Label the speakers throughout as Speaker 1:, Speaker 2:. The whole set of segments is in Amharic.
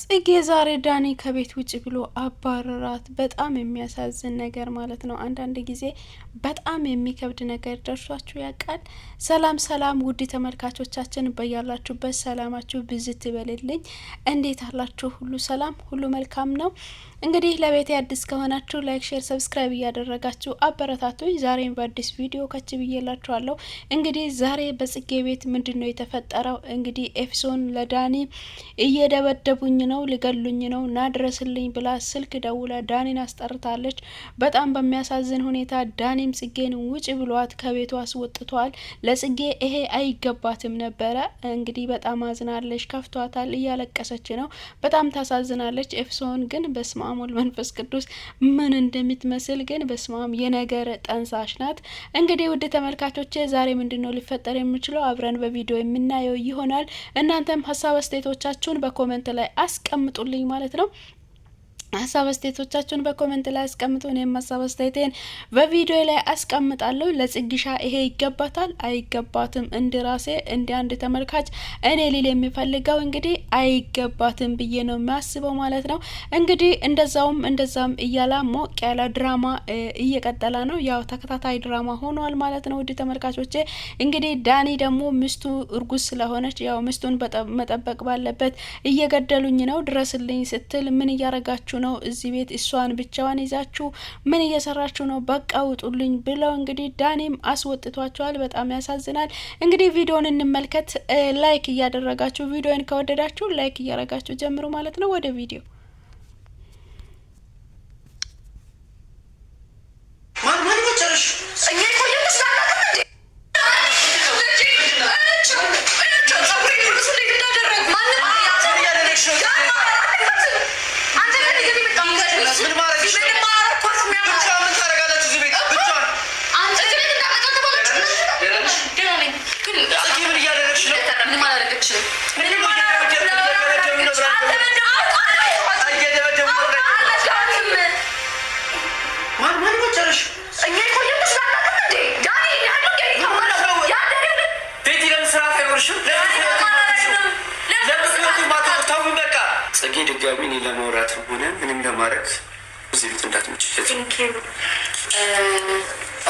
Speaker 1: ጽጌ ዛሬ ዳኒ ከቤት ውጭ ብሎ አባረራት። በጣም የሚያሳዝን ነገር ማለት ነው። አንዳንድ ጊዜ በጣም የሚከብድ ነገር ደርሷችሁ ያውቃል? ሰላም ሰላም፣ ውድ ተመልካቾቻችን በያላችሁበት ሰላማችሁ ብዝት ይበልልኝ። እንዴት አላችሁ? ሁሉ ሰላም፣ ሁሉ መልካም ነው። እንግዲህ ለቤቴ አዲስ ከሆናችሁ ላይክ፣ ሼር፣ ሰብስክራይብ እያደረጋችሁ አበረታቶች ዛሬም በአዲስ ቪዲዮ ከች ብዬላችኋለሁ። እንግዲህ ዛሬ በጽጌ ቤት ምንድን ነው የተፈጠረው? እንግዲህ ኤፍሶን ለዳኒ እየደበደቡኝ ነው፣ ሊገሉኝ ነው፣ ና ድረስልኝ ብላ ስልክ ደውላ ዳኒን አስጠርታለች። በጣም በሚያሳዝን ሁኔታ ዳኒም ጽጌን ውጭ ብሏት ከቤቱ አስወጥተዋል። ለጽጌ ይሄ አይገባትም ነበረ። እንግዲህ በጣም አዝናለች፣ ከፍቷታል፣ እያለቀሰች ነው። በጣም ታሳዝናለች። ኤፍሶን ግን በስማ በስመ መንፈስ ቅዱስ ምን እንደምትመስል ግን በስማም የነገር ጠንሳሽ ናት። እንግዲህ ውድ ተመልካቾች ዛሬ ምንድን ነው ሊፈጠር የሚችለው አብረን በቪዲዮ የምናየው ይሆናል። እናንተም ሀሳብ አስተያየቶቻችሁን በኮመንት ላይ አስቀምጡልኝ ማለት ነው። ሀሳብ አስተያየቶቻችሁን በኮመንት ላይ አስቀምጡ። እኔም ሀሳብ አስተያየቴን በቪዲዮ ላይ አስቀምጣለሁ። ለጽግሻ ይሄ ይገባታል አይገባትም? እንደ ራሴ እንደ አንድ ተመልካች እኔ ሊል የሚፈልገው እንግዲህ አይገባትም ብዬ ነው የሚያስበው ማለት ነው። እንግዲህ እንደዛውም እንደዛም እያላ ሞቅ ያለ ድራማ እየቀጠለ ነው። ያው ተከታታይ ድራማ ሆኗል ማለት ነው። ውድ ተመልካቾቼ እንግዲህ ዳኒ ደግሞ ሚስቱ እርጉዝ ስለሆነች ያው ሚስቱን መጠበቅ ባለበት እየገደሉኝ ነው ድረስልኝ ስትል ምን እያረጋችሁ ነው እዚህ ቤት እሷን ብቻዋን ይዛችሁ ምን እየሰራችሁ ነው? በቃ ውጡልኝ ብለው እንግዲህ ዳኔም አስወጥቷቸዋል። በጣም ያሳዝናል። እንግዲህ ቪዲዮን እንመልከት። ላይክ እያደረጋችሁ ቪዲዮን ከወደዳችሁ ላይክ እያደረጋችሁ ጀምሩ ማለት ነው ወደ ቪዲዮ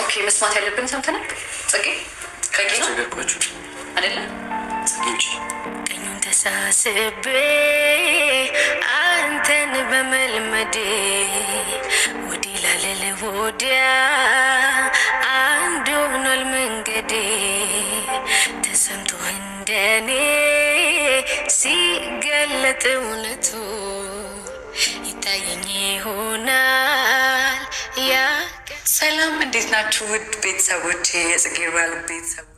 Speaker 2: ኦኬ፣ መስማት ያለብን ሰምተናል። ጽጌ ቀኝ ነው አይደለ? ተሳስቤ አንተን በመልመዴ ወዲህ ላልል ወዲያ አንድ ሆኗል መንገዴ ተሰምቶ እንደኔ ሲገለጥ እውነቱ ይታየኝ ይሆናል ሰላም እንዴት ናችሁ? ውድ ቤተሰቦች የጽጌ ባል ቤተሰቦች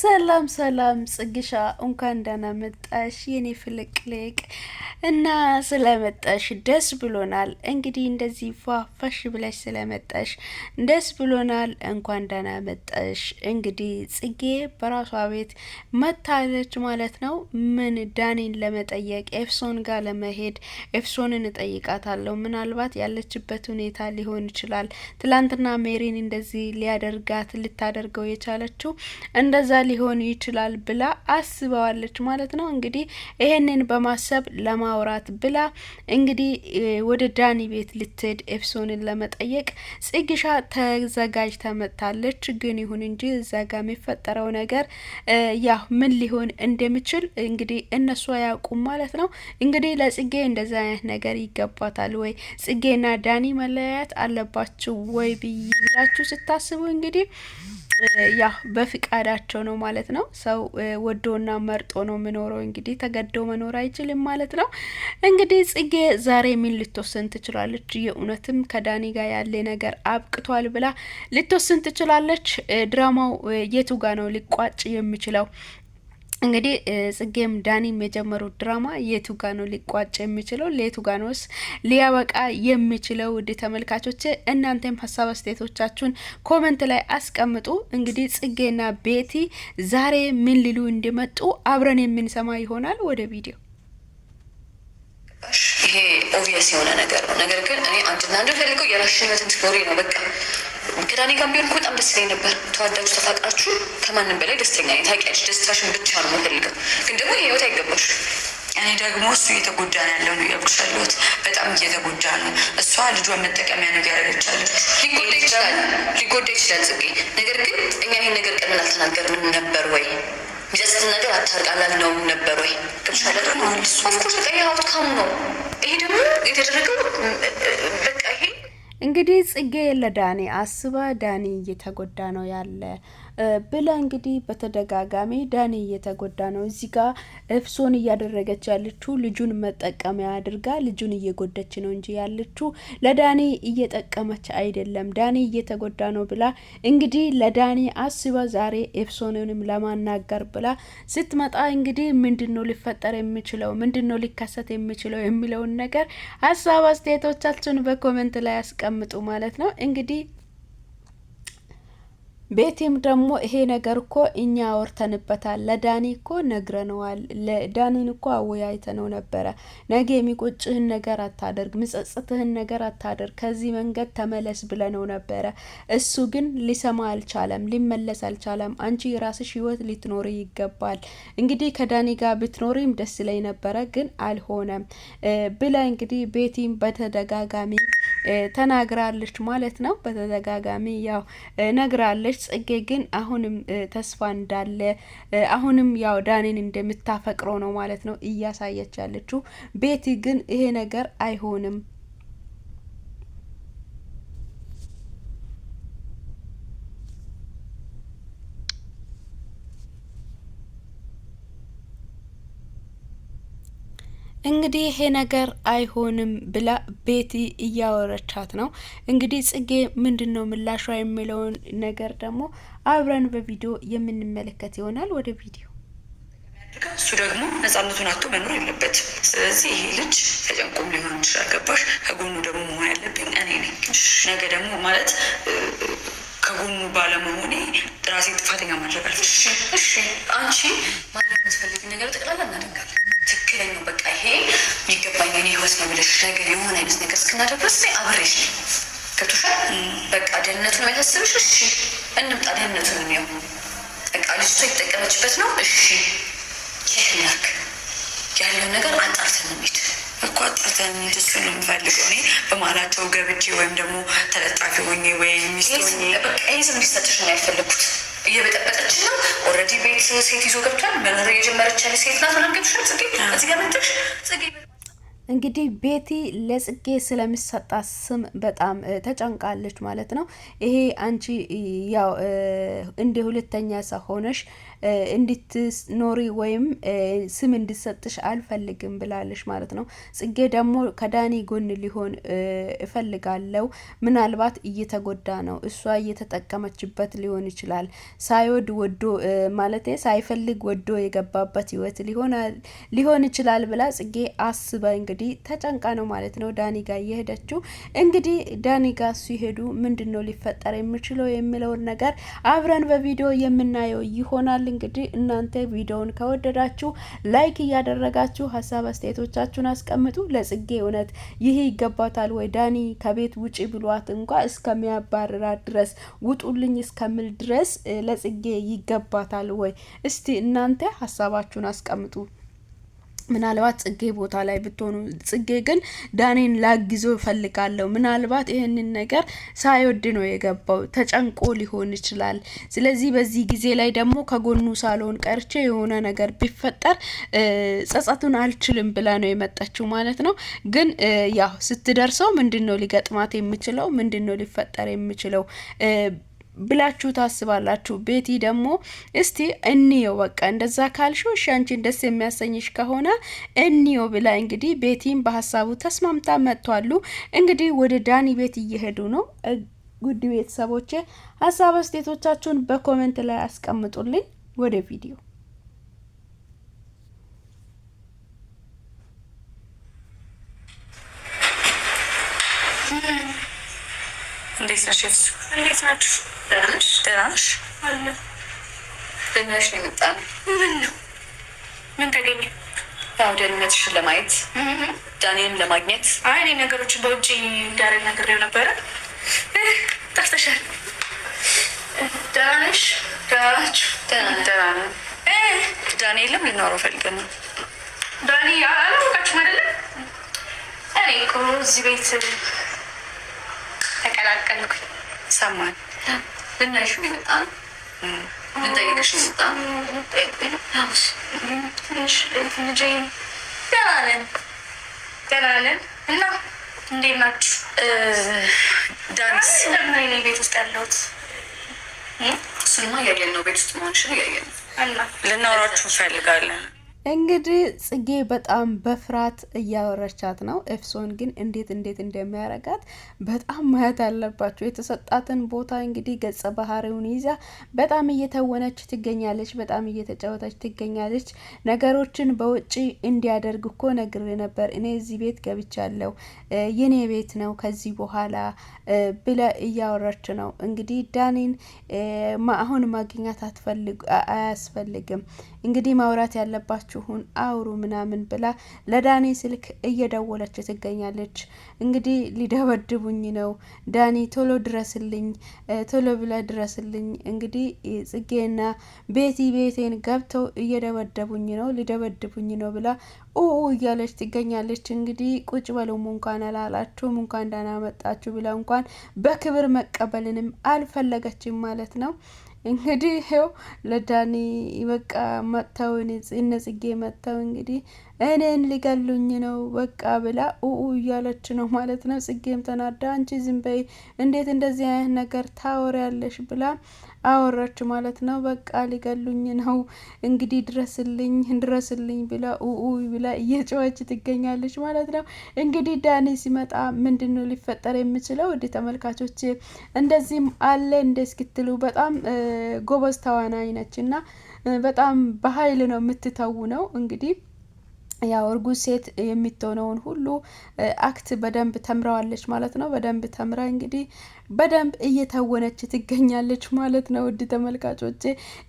Speaker 2: ሰላም ሰላም ጽግሻ እንኳን ደህና መጣሽ የኔ ፍልቅልቅ እና ስለመጣሽ ደስ ብሎናል። እንግዲህ እንደዚህ ፏፋሽ ብለሽ ስለመጣሽ ደስ ብሎናል። እንኳን ደህና መጣሽ። እንግዲህ ጽጌ በራሷ ቤት መታለች ማለት ነው። ምን ዳኔን ለመጠየቅ ኤፍሶን ጋር ለመሄድ ኤፍሶንን እጠይቃታለሁ። ምናልባት ያለችበት ሁኔታ ሊሆን ይችላል። ትላንትና ሜሪን እንደዚህ ሊያደርጋት ልታደርገው የቻለችው እንደዛ ሊሆን ይችላል ብላ አስበዋለች ማለት ነው። እንግዲህ ይሄንን በማሰብ ለማውራት ብላ እንግዲህ ወደ ዳኒ ቤት ልትሄድ ኤፍሶንን ለመጠየቅ ጽግሻ ተዘጋጅታ መጥታለች። ግን ይሁን እንጂ እዛ ጋ የሚፈጠረው ነገር ያው ምን ሊሆን እንደሚችል እንግዲህ እነሱ አያውቁም ማለት ነው። እንግዲህ ለጽጌ እንደዚ አይነት ነገር ይገባታል ወይ ጽጌና ዳኒ መለያየት አለባችሁ ወይ ብላችሁ ስታስቡ እንግዲህ ያ በፍቃዳቸው ነው ማለት ነው። ሰው ወዶና መርጦ ነው የምኖረው እንግዲህ ተገዶ መኖር አይችልም ማለት ነው። እንግዲህ ጽጌ ዛሬ ምን ልትወስን ትችላለች? የእውነትም ከዳኒ ጋር ያለ ነገር አብቅቷል ብላ ልትወስን ትችላለች? ድራማው የቱ ጋ ነው ሊቋጭ የሚችለው? እንግዲህ ጽጌም ዳኒም የጀመሩት ድራማ የቱ ጋ ነው ሊቋጭ የሚችለው? ለየቱ ጋ ነውስ ሊያበቃ የሚችለው? ውድ ተመልካቾች እናንተም ሀሳብ አስተያየቶቻችሁን ኮመንት ላይ አስቀምጡ። እንግዲህ ጽጌና ቤቲ ዛሬ ምን ሊሉ እንደመጡ አብረን የምንሰማ ይሆናል። ወደ ቪዲዮ ይሄ ኦቪየስ የሆነ ነገር ነው። ነገር ግን እኔ አንድና አንድ ፈልገው የራስሽን ህይወት እንድትኖሪ ነው። በቃ ከዳኒ ጋር ቢሆን በጣም ደስ ይለኝ ነበር። ተዋዳችሁ ተፋቅራችሁ ከማንም በላይ ደስተኛ ነኝ። ታውቂያለሽ፣ ደስታሽን ብቻ ነው የምፈልገው። ግን ደግሞ ይህ ህይወት አይገባሽ። እኔ ደግሞ እሱ እየተጎዳ ነው ያለው ነው በጣም እየተጎዳ ነው። እሷ ልጇን መጠቀሚያ ነው እያደረገች ሊጎዳ ይችላል ጽጌ። ነገር ግን እኛ ይህን ነገር ቀላል አልተናገርንም ነበር ወይ የሚጸጽትን ነገር አታርቃላት ነው ነበር ወይ ቅብሻለት ኦፍኮርስ በቃ ይህ አውትካም ነው። ይሄ ደግሞ የተደረገው በቃ ይሄ እንግዲህ ጽጌ ለዳኒ አስባ ዳኒ እየተጎዳ ነው ያለ ብላ እንግዲህ በተደጋጋሚ ዳኒ እየተጎዳ ነው። እዚህ ጋ እፍሶን እያደረገች ያለችው ልጁን መጠቀሚያ አድርጋ ልጁን እየጎደች ነው እንጂ ያለችው ለዳኒ እየጠቀመች አይደለም። ዳኒ እየተጎዳ ነው ብላ እንግዲህ ለዳኒ አስባ ዛሬ ኤፍሶንንም ለማናገር ብላ ስትመጣ እንግዲህ ምንድን ነው ሊፈጠር የሚችለው ምንድን ነው ሊከሰት የሚችለው የሚለውን ነገር ሀሳብ አስተያየቶቻችን በኮመንት ላይ ያስቀምጡ ማለት ነው እንግዲህ ቤቲም ደግሞ ይሄ ነገር እኮ እኛ አወርተንበታል፣ ለዳኒ እኮ ነግረነዋል፣ ለዳኒን እኮ አወያይተነው ነበረ። ነገ የሚቆጭህን ነገር አታደርግ፣ ምጸጽትህን ነገር አታደርግ፣ ከዚህ መንገድ ተመለስ ብለነው ነበረ። እሱ ግን ሊሰማ አልቻለም፣ ሊመለስ አልቻለም። አንቺ የራስሽ ህይወት ሊትኖሪ ይገባል። እንግዲህ ከዳኒ ጋር ብትኖሪም ደስ ላይ ነበረ፣ ግን አልሆነም ብለ እንግዲህ ቤቲም በተደጋጋሚ ተናግራለች ማለት ነው። በተደጋጋሚ ያው ነግራለች ጽጌ ግን አሁንም ተስፋ እንዳለ አሁንም ያው ዳኔን እንደምታፈቅረው ነው ማለት ነው እያሳየች ያለችው። ቤቲ ግን ይሄ ነገር አይሆንም እንግዲህ ይሄ ነገር አይሆንም ብላ ቤቲ እያወረቻት ነው። እንግዲህ ጽጌ ምንድን ነው ምላሿ የሚለውን ነገር ደግሞ አብረን በቪዲዮ የምንመለከት ይሆናል። ወደ ቪዲዮ እሱ ደግሞ ነጻነቱን አቶ መኖር የለበት። ስለዚህ ይሄ ልጅ ተጨንቆም ሊሆን ይችላል። ገባሽ? ከጎኑ ደግሞ መሆን ያለብኝ እኔ ነኝ። ነገ ደግሞ ማለት ከጎኑ ባለመሆኔ ራሴ ጥፋተኛ ማድረግ አልፈ። እሺ፣ አንቺ ማድረግ የምትፈልጊ ነገር ጠቅላላ እናደርጋለን ትክክለኛው በቃ ይሄ የሚገባኝ እኔ ህይወት ነው ብለሽ ነገር የሆነ አይነት ነገር እስክናደርስ ላይ አብሬሽ ገብቶሻል። በቃ ደህንነቱን የሚያሳስብሽ እሺ፣ እንምጣ ደህንነቱን የሚያው በቃ ልጅቷ የተጠቀመችበት ነው እሺ። ይህ ናክ ያለውን ነገር አጣርተን እንሂድ እኮ አጣርተን እንደሱ ነው የምፈልገው። እኔ በመሀላቸው ገብቼ ወይም ደግሞ ተለጣፊ ሆኜ ወይ ሚስት ሆኜ በቃ ይዝ እንዲሰጥሽ ነው ያልፈለግኩት እየበጠበጠች ነው። ኦልሬዲ ቤት ሴት ይዞ ገብቷል። መኖር የጀመረች ያለ ሴት ናት። ሆነ ገብሻል ጽጌ እዚህ ጋር መጥሽ ጽጌ እንግዲህ ቤቲ ለጽጌ ስለሚሰጣት ስም በጣም ተጨንቃለች ማለት ነው። ይሄ አንቺ ያው እንደ ሁለተኛ ሰው ሆነሽ እንድትኖሪ ወይም ስም እንድሰጥሽ አልፈልግም ብላለች ማለት ነው። ጽጌ ደግሞ ከዳኒ ጎን ሊሆን እፈልጋለው። ምናልባት እየተጎዳ ነው፣ እሷ እየተጠቀመችበት ሊሆን ይችላል። ሳይወድ ወዶ ማለት ሳይፈልግ ወዶ የገባበት ህይወት ሊሆን ይችላል ብላ ጽጌ አስበ እንግዲህ ተጨንቃ ነው ማለት ነው ዳኒ ጋር እየሄደችው። እንግዲህ ዳኒ ጋር ሲሄዱ ምንድን ነው ሊፈጠር የሚችለው የሚለውን ነገር አብረን በቪዲዮ የምናየው ይሆናል። እንግዲህ እናንተ ቪዲዮውን ከወደዳችሁ ላይክ እያደረጋችሁ ሀሳብ አስተያየቶቻችሁን አስቀምጡ። ለጽጌ እውነት ይሄ ይገባታል ወይ? ዳኒ ከቤት ውጪ ብሏት እንኳ እስከሚያባርራት ድረስ ውጡልኝ እስከምል ድረስ ለጽጌ ይገባታል ወይ? እስቲ እናንተ ሀሳባችሁን አስቀምጡ። ምናልባት ጽጌ ቦታ ላይ ብትሆኑ ጽጌ ግን ዳኔን ላግዞ እፈልጋለሁ። ምናልባት ይህንን ነገር ሳይወድ ነው የገባው፣ ተጨንቆ ሊሆን ይችላል። ስለዚህ በዚህ ጊዜ ላይ ደግሞ ከጎኑ ሳልሆን ቀርቼ የሆነ ነገር ቢፈጠር ጸጸቱን አልችልም ብላ ነው የመጣችው ማለት ነው። ግን ያው ስትደርሰው ምንድን ነው ሊገጥማት የሚችለው? ምንድን ነው ሊፈጠር የሚችለው? ብላችሁ ታስባላችሁ። ቤቲ ደግሞ እስቲ እንየው በቃ እንደዛ ካልሽ እሺ አንቺን ደስ የሚያሰኝሽ ከሆነ እንየው ብላ እንግዲህ ቤቲም በሀሳቡ ተስማምታ መጥቷሉ። እንግዲህ ወደ ዳኒ ቤት እየሄዱ ነው። ጉድ ቤተሰቦቼ ሀሳብ አስተያየቶቻችሁን በኮሜንት ላይ አስቀምጡልኝ። ወደ ቪዲዮ እንዴት ነሽ? የፍሱ እንዴት ናችሁ? ደህና ነሽ? ደህና ነሽ? ደህና ነሽ ነው ምን ነው ምን ተገኘ? ያው ደህንነትሽን ለማየት ዳንኤልን ለማግኘት። አይ እኔ ነገሮች በውጭ ጋር ነግሬው ነበረ። ጠፍተሻል። ደህና ነሽ? ደህና ናችሁ? ደህና ነን። ዳንኤልም ልናወራው ፈልገን ነው። ዳኒ አላወቃችሁም አይደለም? እኔ እኮ እዚህ ቤት ያላቀልኩኝ ሰማን ልናይሽ ሚመጣ ነው ልንጠይቅሽ ስጣ ልጅ ገላለን ገላለን እና እንዴት ናችሁ? ዳንስ ለምን ቤት ውስጥ ያለሁት እሱንማ እያየን ነው። ቤት ውስጥ መሆንሽን እያየን ነው። ልናወራችሁ እንፈልጋለን። እንግዲህ ጽጌ በጣም በፍርሃት እያወረቻት ነው። ኤፍሶን ግን እንዴት እንዴት እንደሚያረጋት በጣም ማየት አለባቸው። የተሰጣትን ቦታ እንግዲህ ገጸ ባህሪውን ይዛ በጣም እየተወነች ትገኛለች። በጣም እየተጫወተች ትገኛለች። ነገሮችን በውጭ እንዲያደርግ እኮ ነግሬ ነበር። እኔ እዚህ ቤት ገብቻለሁ፣ የኔ ቤት ነው ከዚህ በኋላ ብለ እያወረች ነው። እንግዲህ ዳኒን አሁን ማግኘት አያስፈልግም እንግዲህ ማውራት ያለባችሁን አውሩ ምናምን ብላ ለዳኒ ስልክ እየደወለች ትገኛለች። እንግዲህ ሊደበድቡኝ ነው ዳኒ ቶሎ ድረስልኝ፣ ቶሎ ብለ ድረስልኝ። እንግዲህ ጽጌና ቤቲ ቤቴን ገብተው እየደበደቡኝ ነው፣ ሊደበድቡኝ ነው ብላ ኦ እያለች ትገኛለች። እንግዲህ ቁጭ በሉም እንኳን አላላችሁም እንኳን ደህና መጣችሁ ብለ እንኳን በክብር መቀበልንም አልፈለገችም ማለት ነው። እንግዲህ ይኸው ለዳኒ በቃ መጥተው እነ ጽጌ መጥተው እንግዲህ እኔን ሊገሉኝ ነው በቃ ብላ ኡኡ እያለች ነው ማለት ነው። ጽጌም ተናዳ አንቺ ዝም በይ፣ እንዴት እንደዚህ አይነት ነገር ታወሪያለሽ ብላ አወራች ማለት ነው። በቃ ሊገሉኝ ነው እንግዲህ ድረስልኝ ድረስልኝ ብላ ኡኡ ብላ እየጨዋች ትገኛለች ማለት ነው። እንግዲህ ዳኒ ሲመጣ ምንድን ነው ሊፈጠር የምችለው? ወደ ተመልካቾች እንደዚህም አለ እንደ እስክትሉ በጣም ጎበዝ ተዋናኝ ነች እና በጣም በኃይል ነው የምትተው ነው እንግዲህ ያው እርጉዝ ሴት የምትሆነውን ሁሉ አክት በደንብ ተምረዋለች ማለት ነው። በደንብ ተምራ እንግዲህ በደንብ እየተወነች ትገኛለች ማለት ነው። ውድ ተመልካቾቼ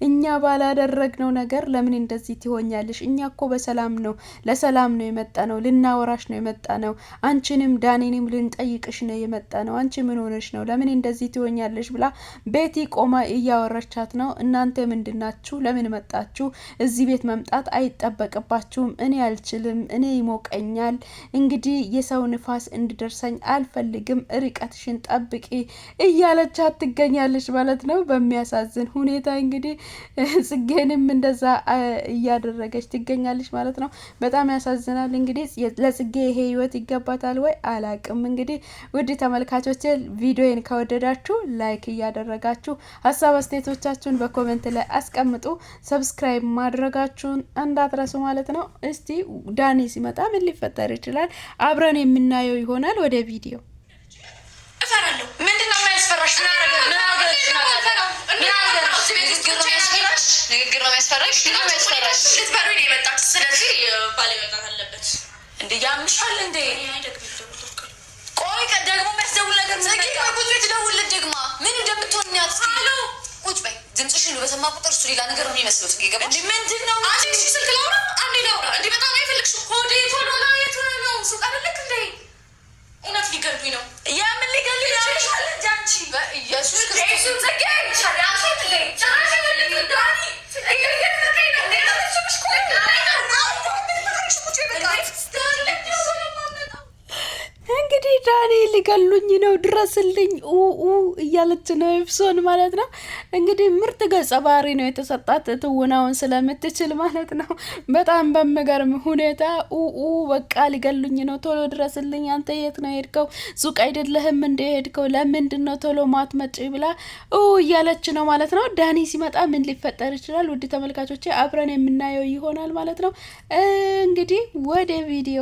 Speaker 2: እኛ ባላደረግነው ነገር ለምን እንደዚህ ትሆኛለሽ? እኛ እኮ በሰላም ነው ለሰላም ነው የመጣ ነው ልናወራሽ ነው የመጣ ነው። አንቺንም ዳኔንም ልንጠይቅሽ ነው የመጣ ነው። አንቺ ምን ሆነሽ ነው ለምን እንደዚህ ትሆኛለሽ? ብላ ቤቲ ቆማ እያወረቻት ነው። እናንተ ምንድናችሁ? ለምን መጣችሁ? እዚህ ቤት መምጣት አይጠበቅባችሁም። እኔ አልችልም፣ እኔ ይሞቀኛል። እንግዲህ የሰው ንፋስ እንድደርሰኝ አልፈልግም። ርቀትሽን ጠብቂ እያለቻት ትገኛለች ማለት ነው። በሚያሳዝን ሁኔታ እንግዲህ ጽጌንም እንደዛ እያደረገች ትገኛለች ማለት ነው። በጣም ያሳዝናል። እንግዲህ ለጽጌ ይሄ ህይወት ይገባታል ወይ አላቅም። እንግዲህ ውድ ተመልካቾች ቪዲዮን ከወደዳችሁ ላይክ እያደረጋችሁ ሀሳብ አስተያየቶቻችሁን በኮመንት ላይ አስቀምጡ። ሰብስክራይብ ማድረጋችሁን እንዳትረሱ ማለት ነው። እስቲ ዳኒ ሲመጣ ምን ሊፈጠር ይችላል? አብረን የምናየው ይሆናል። ወደ ቪዲዮ እዚህ ቤት ንግግር ነው የሚያስፈራሽ፣ ንግግር ነው የሚያስፈራሽ። ልትበሩ የመጣች ስለዚህ ባል መጣት አለበት። እንደ ያምሻል እንደ ቆይ ደግሞ የሚያስደውል ነገር ቁጭ ቤት ደውል ደግማ ምን እንደምትሆን ያት ቁጭ በይ። ድምፅሽን በሰማ ቁጥር እሱ ሌላ ነገር ነው የሚመስለው። ምንድን ነው አንዴ ስልክ ላውራ፣ አንዴ ላውራ። እንዲህ በጣም አይፈልግሽም። ሆዴ ቶሎ ነው ነው ሱቅ አለክ እንደ እውነት ሊገሉኝ ነው። የምን ሊገሉኝ ነው? ኢየሱስ ክርስቶስ ሊገሉኝ ነው ድረስልኝ ኡ እያለች ነው ኤፕሶን ማለት ነው። እንግዲህ ምርጥ ገጸ ባህሪ ነው የተሰጣት ትውናውን ስለምትችል ማለት ነው። በጣም በሚገርም ሁኔታ ኡ በቃ ሊገሉኝ ነው ቶሎ ድረስልኝ፣ አንተ የት ነው ሄድከው? ሱቅ አይደለህም እንደ ሄድከው? ለምንድን ነው ቶሎ ማትመጪ? ብላ ኡ እያለች ነው ማለት ነው። ዳኒ ሲመጣ ምን ሊፈጠር ይችላል? ውድ ተመልካቾቼ አብረን የምናየው ይሆናል ማለት ነው። እንግዲህ ወደ ቪዲዮ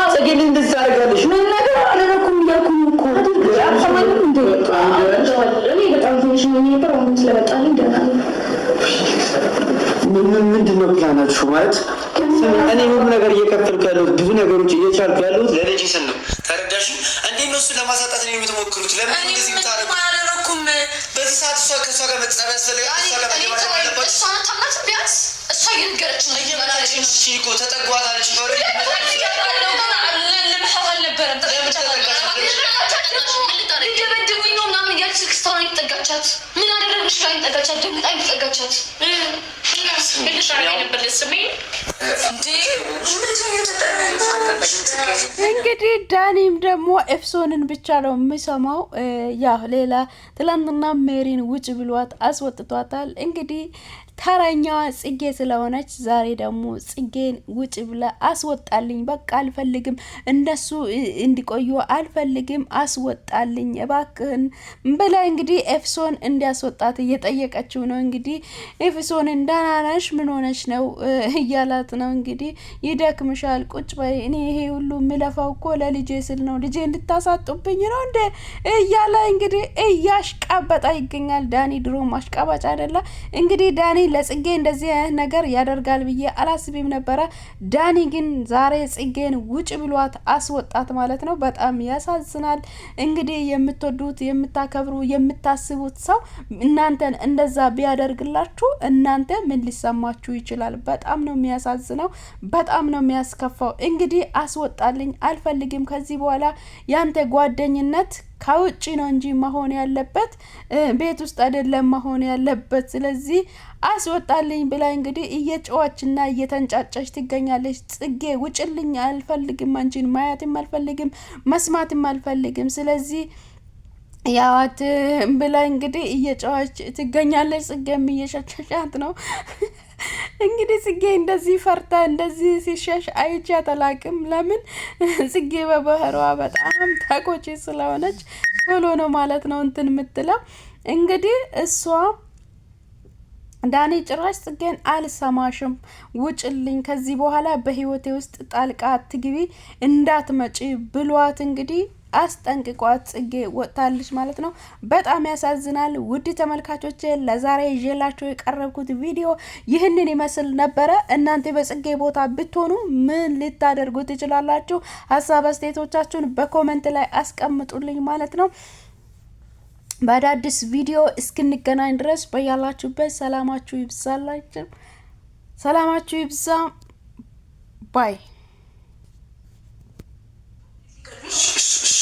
Speaker 2: ነው ናችሁ ማለት እኔ ሁሉ ነገር እየከፈልኩ ያለሁት ብዙ ነገሮች እየቻልኩ ያለሁት ለልጅ ነው። ተረዳሽ? እንዴ እነሱ ለማሳጣት ነው የምትሞክሩት? ለምን እንደዚህ በዚህ ሰዓት እሷ ከእሷ ጋር መጻፍ ያስፈልግ እሷ እየነገረች ነው ምን አደረግሽ? እንግዲህ ዳኒም ደግሞ ኤፍሶንን ብቻ ነው የሚሰማው። ያው ሌላ ትላንትና ሜሪን ውጭ ብሏት አስወጥቷታል። እንግዲህ ተረኛዋ ጽጌ ስለሆነች ዛሬ ደግሞ ጽጌን ውጭ ብላ አስወጣልኝ፣ በቃ አልፈልግም፣ እነሱ እንዲቆዩ አልፈልግም፣ አስወጣልኝ እባክህን ብላ እንግዲህ ኤፍሶን እንዲያስወጣት እየጠየቀችው ነው እንግዲህ ኤፍሶን እንዳ ደህናነሽ ምን ሆነች ነው እያላት ነው እንግዲህ ይደክምሻል፣ ቁጭ በይ። እኔ ይሄ ሁሉ የምለፋው እኮ ለልጄ ስል ነው። ልጄ እንድታሳጡብኝ ነው እንደ እያለ እንግዲህ እያሽቃበጣ ይገኛል። ዳኒ ድሮ ማሽቃባጭ አይደለ እንግዲህ። ዳኒ ለጽጌ እንደዚህ አይነት ነገር ያደርጋል ብዬ አላስቢም ነበረ። ዳኒ ግን ዛሬ ጽጌን ውጭ ብሏት አስወጣት ማለት ነው። በጣም ያሳዝናል። እንግዲህ የምትወዱት የምታከብሩ የምታስቡት ሰው እናንተን እንደዛ ቢያደርግላችሁ እናንተ ምን ምን ሊሰማችሁ ይችላል። በጣም ነው የሚያሳዝነው፣ በጣም ነው የሚያስከፋው። እንግዲህ አስወጣልኝ፣ አልፈልግም። ከዚህ በኋላ ያንተ ጓደኝነት ከውጭ ነው እንጂ መሆን ያለበት ቤት ውስጥ አይደለም መሆን ያለበት። ስለዚህ አስወጣልኝ ብላ እንግዲህ እየጨዋችና እየተንጫጫች ትገኛለች። ጽጌ ውጭልኝ፣ አልፈልግም፣ አንቺን ማየትም አልፈልግም፣ መስማትም አልፈልግም። ስለዚህ ያዋት ብላ እንግዲህ እየጨዋች ትገኛለች። ጽጌም እየሸሸሻት ነው። እንግዲህ ጽጌ እንደዚህ ፈርታ እንደዚህ ሲሸሽ አይቼ አላውቅም። ለምን ጽጌ በባህሯ በጣም ተቆጪ ስለሆነች ቶሎ ነው ማለት ነው እንትን የምትለው እንግዲህ እሷ ዳኒ ጭራሽ ጽጌን አልሰማሽም፣ ውጭልኝ፣ ከዚህ በኋላ በህይወቴ ውስጥ ጣልቃ አትግቢ፣ እንዳትመጪ ብሏት እንግዲህ አስጠንቅቋት ጽጌ ወጥታለች ማለት ነው። በጣም ያሳዝናል። ውድ ተመልካቾች ለዛሬ ይዤላችሁ የቀረብኩት ቪዲዮ ይህንን ይመስል ነበረ። እናንተ በጽጌ ቦታ ብትሆኑ ምን ልታደርጉ ትችላላችሁ? ሀሳብ አስተያየቶቻችሁን በኮመንት ላይ አስቀምጡልኝ ማለት ነው። በአዳዲስ ቪዲዮ እስክንገናኝ ድረስ በያላችሁበት ሰላማችሁ ይብዛላችሁ። ሰላማችሁ ይብዛ ባይ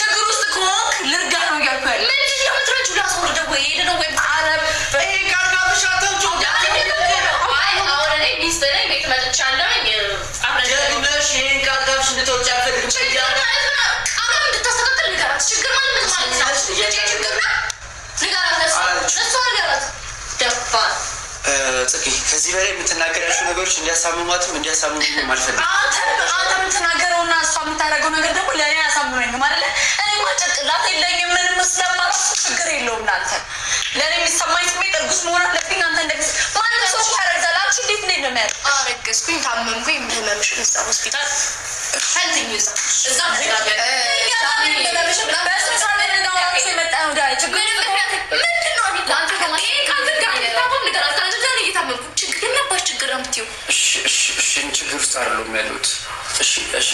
Speaker 2: ችግር ውስጥ ከሆንክ ልርዳ ነው እያልኩ ያለ ምንድን ነው የምትረጂው? ላስወርደ ወይ ሄደ ነው ወይም አረብ ችግር ጽጌ ከዚህ በላይ የምትናገራቸው ነገሮች እንዲያሳምማትም እንዲያሳምሙም አልፈልግም። አንተ የምትናገረውና እሷ የምታደርገው ነገር ደግሞ ለእኔ አያሳምመኝም አይደለ? እኔ ጭንቅላት የለኝም ምንም ስለማልኩ ችግር የለውም። ለአንተ ለእኔ የሚሰማኝ ስሜት እርጉዝ መሆን አለብኝ። አንተ እንደዚህ ማንም ሰው ታረግዛላችሁ። እንዴት ነ ነው አረገዝኩኝ፣ ታመምኩኝ፣ የምትመምሽን እዛ ሆስፒታል ከዚህ እዛ ዛ ተጋገ ነው ዳይ ችግር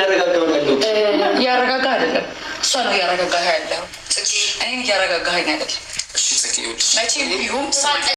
Speaker 3: ነገሮችን እያረጋጋ ያለው እያረጋጋ አይደለም፣ እሷ ነው እያረጋጋ ያለው። እኔን እያረጋጋኝ አይደለም።